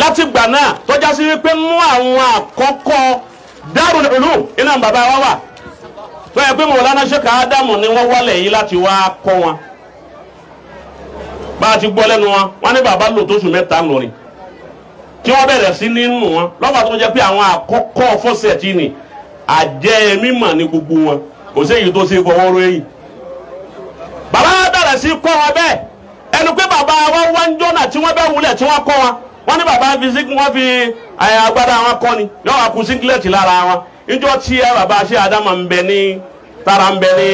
gbà náà tọ́já sí wípé mú àwọn àkọ́kọ́ Darul Ulum iná bàbá wa wà tó yẹ pé Mọ̀lánà ká Ádámù ni wọ́n wálẹ̀ yìí láti wá kọ́ wọn bá a ti gbọ́ lẹ́nu wọn wọn ní bàbá lò tó sùn mẹ́ta lórí tí wọ́n bẹ̀rẹ̀ sí ní nù wọn lọ́pàá tó jẹ́ pé àwọn àkọ́kọ́ fọ́sẹ̀tì ni àjẹ́ mímọ̀ ní gbogbo wọn kò sí èyí tó ṣe fọwọ́ yìí wọ́n ní bàbá fi síkún wọ́n fi eh, agbádá wọn kọ́ ni yọ wà kú singlet lára wọn níjọ tí eh, bàbá ṣe àdámà ń bẹ ní tara ń bẹ ní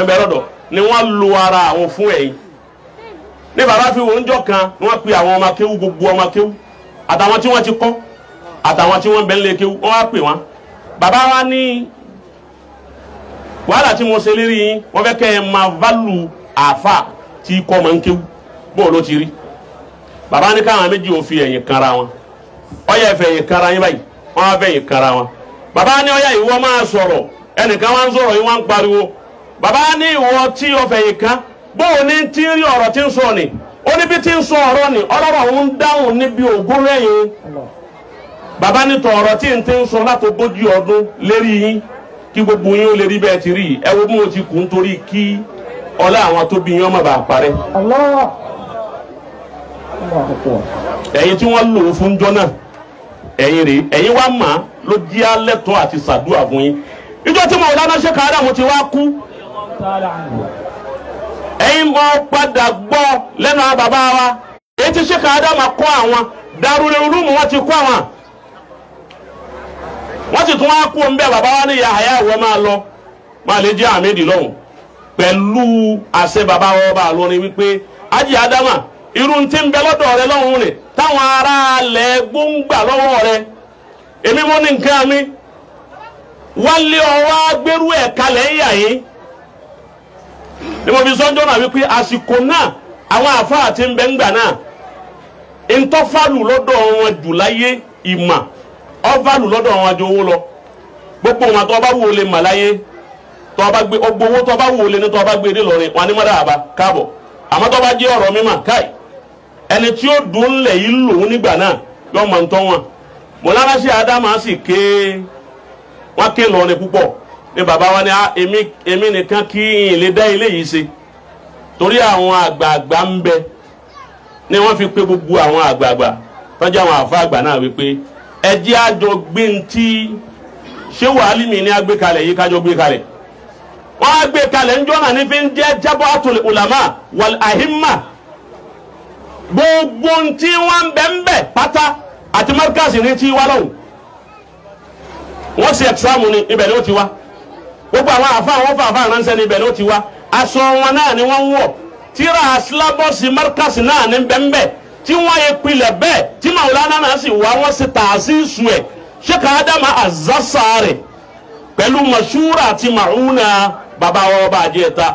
ń bẹ lọ́dọ̀ ni wọ́n lu ara àwọn fún ẹ̀yìn ní bàbá fi wọn jọ kan ni wọ́n pe àwọn ọmọ akéwú gbogbo ọmọ akéwú àtàwọn tí wọ́n ti kọ́ àtàwọn tí wọ́n bẹ nílé kéwú wọ́n wá pè wọ́n bàbá wa ní wàhálà tí mo ṣe lérí yín wọ́n fẹ́ kẹ́ ẹ máa válù àáfà tí kọ́ máa ń kéwú bóòló ti rí. Baba ní káwọn méjì ò fi ẹ̀yìn kara wọn ọyẹ ìfẹ̀yìn kanra yín báyìí wọn á fẹ̀yìn kanra wọn bàbá ní ọyẹ ìwọ máa sọ̀rọ̀ ẹnìkan wá ń sọ̀rọ̀ yín pariwo tí o fẹ̀yìn kan bóun tí ń rí tí ni ó ní bí tí ni ọlọ́rọ̀ ń dáhùn níbi Baba ti lérí yín kí gbogbo yín ó bẹ́ẹ̀ ẹ̀yin tí wọ́n lò ó fún jọ náà ẹ̀yin rèé ẹ̀yin wá mà á ló jí alẹ́tọ́ àti sàdúrà fún yín ìjọ tí mo lánàá ṣe káàdà mo ti wá kú ẹ̀yin mọ́ padà gbọ́ lẹ́nu bàbá wa èyí tí ṣe káàdà máa kọ́ àwọn darúlé rúùmù wọn ti kọ́ àwọn wọ́n sì tún wá kú ń bẹ́ẹ̀ bàbá wa ní Yahaya ìwọ máa lọ máa lè jẹ́ àmì ìdìlọ́hùn pẹ̀lú àṣẹ bàbá wa ọba ni wípé ájì ádámà irun ti n bẹ lọ́dọ̀ rẹ lọ́hùn rẹ̀ táwọn ará alẹ gbóngbà lọwọ rẹ èmi mo ní nǹkan mi wálé agbérú ń yà yín ni mo fi sọ́jọ́ náà wípé àsìkò náà àwọn àfáà tí ń bẹ ńgbà náà ntọ́fàlù lọ́dọ̀ wọn jù láyé ìmà ọ́fàlù lọ́dọ̀ wọn jù owó lọ gbogbo wọn ẹni tí ó dùn ńlẹ̀ yìí lòun nígbà náà yóò máa ń tọ́ wọn mọ̀láraṣẹ́ adama sì ké wọ́n ké lọ́ọ̀rin púpọ̀ ní bàbá wa ní ah, èmi nìkan kí n lè dá ilé yìí ṣe torí àwọn àgbààgbà ń bẹ ni wọn fi pé gbogbo àwọn àgbààgbà tọjú àwọn àfa àgbà náà wípé ẹ jẹ́ àjọ gbé ń ṣé wàhálìmí ni agbé kalẹ yìí kájọ gbé kalẹ wọ́n agbé kalẹ kalẹ̀ ń jọ́nà ní fi ń jẹ́ jábọ́ àtòlè ulama wal ahimma gbogbo tí wọ́n ń pata ń pátá àti ní ni ni ó ti wá gbogbo àwọn àfáà wọn fà àfáà ni ibe ni ó ti wá aṣọ wọn náà ni wọ́n ń tíra aṣílábọ́sì mọ́ríkàsì náà ni ń tí yẹ tí màwùlánà náà sì wá tààsí ṣéka ádámà àti màwùnà wọn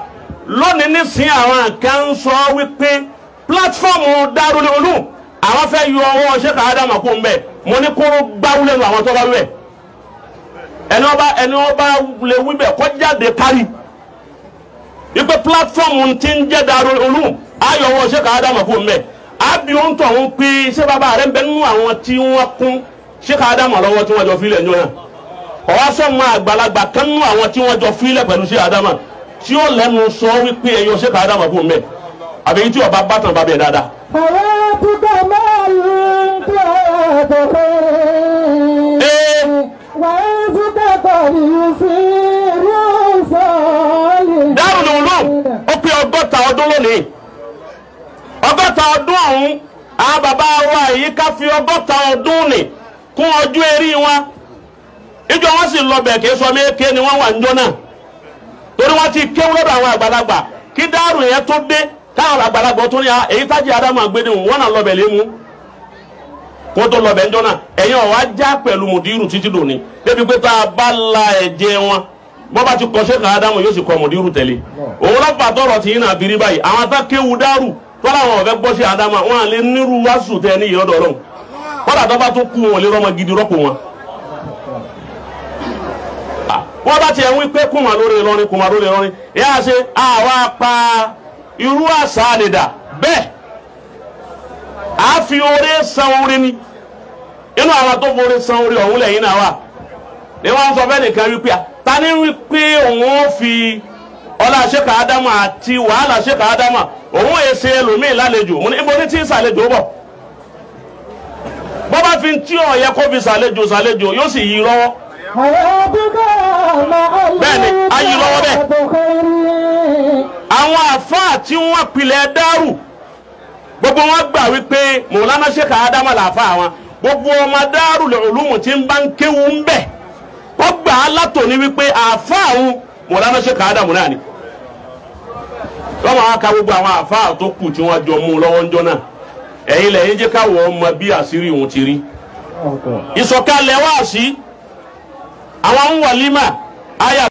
lónìí nísìnyí àwọn kan pílátífọ́ọ̀mù Darul Uloom àwọn fẹ́ yọ ọwọ́ Sheikh Adam kó ń bẹ̀ mo ní kóró gbáwú lẹ́nu àwọn tó bá wẹ̀ ẹni ọba ẹni ọba lè wí bẹ̀ kọjáde kárí ipe pílátífọ́ọ̀mù ti ń jẹ́ Darul Uloom ayọ̀ ọwọ́ Sheikh Adam kó ń bẹ̀ àbí ó ń tọ̀ ń pé ṣé bàbá rẹ̀ ń bẹ nínú àwọn tí wọ́n kún Sheikh Adam lọ́wọ́ tí wọ́n jọ fílẹ̀ ẹ̀yọ́ náà ọ̀wá àgbàlagbà kan nínú àwọn tí wọ́n jọ fílẹ̀ pẹ̀lú Sheikh Adam tí ó lẹ́nu sọ wípé ẹ̀yọ́ Sheikh Adam kó ń bẹ̀ àbẹ̀yìn tí ọba bá tàn bá bẹ̀ dáadáa. àwọn àbúgbà máa ń tó ọ̀dọ̀ pé wàá àbúgbà kọ̀ọ̀dù sí irú sọ́ọ̀lì. Darul Ulum ó pé ọgọ́ta ọdún lónìí ọgọ́ta ọdún ọ̀hún àwọn bàbá wa yìí ká fi ọgọ́ta ọdún nì kún ọjọ́ eré wọn ìjọ wọn sì lọ bẹ̀ kí sọmi èké ni wọ́n wà ń jọ náà torí wọ́n ti kéwú lọ́dọ̀ àwọn àgbàlagbà kí dáàrú yẹn tó dé káwọn àgbàlagbà tó ní a èyí tájì adamu agbẹdẹhùn wọn náà lọbẹ lé kó tó lọbẹ njọ náà ẹ̀yin ọwọ ajá pẹ̀lú mùdírù títí lónìí débi pé tá a bá la ẹ̀jẹ̀ wọn bọ́ bá ti kọ́ sẹ́ka adamu yóò sì kọ́ mùdírù tẹ̀lé òun tọrọ biri báyìí àwọn atá kéwu dárù tọ́lá àwọn ọ̀fẹ́ adamu wọn tẹ ní ìyọ́dọ̀ kọ́dà tó bá tó kú wọn gidi rọ́pò wọn. Ah, bá tiẹ̀ wí pé kùmà lórí kùmà lórí irú àṣà àdìdà bẹ́ẹ̀ a fi oore san oore ni inú àwọn tó foore san oore ọ̀hún lẹ́yìn náà wà ni wọ́n sọ bẹ́ẹ̀ nìkan wípé ta ni wípé òun ó fi ọlá ṣẹ́ka ádámù àti wàhálà ṣẹ́ka ádámù òun èsè ẹlòmíì lálejò mo ní ibo ní tí ń ṣàlejò bọ̀ bọ́ bá fi ń tí ọ̀yẹ kó fi ṣàlejò ṣàlejò yóò sì yí lọ́wọ́ bẹ́ẹ̀ ni a yí lọ́wọ́ bẹ́ẹ̀. àwọn àfáà tí wọ́n pilẹ̀ dárù gbogbo wọn gbà wípé mọ̀lánà ṣèkà ádámà làáfáà wọn gbogbo ọmọ dárù lòlùmù tí ń bá ń kéwu ń bẹ̀ kọ́ gbà á látòní wípé àfáà òun mọ̀lánà ṣèkà ádámù náà ni lọ́mọ aka gbogbo àwọn àfáà tó kù tí wọ́n jọ mú lọ́wọ́ ńjọ́ náà ẹ̀yin lẹ́yìn jẹ́ káwọ́ ọmọ bí àṣírí òun ti rí ìsọ̀kalẹ̀ wá àwọn ń wà límà ayà.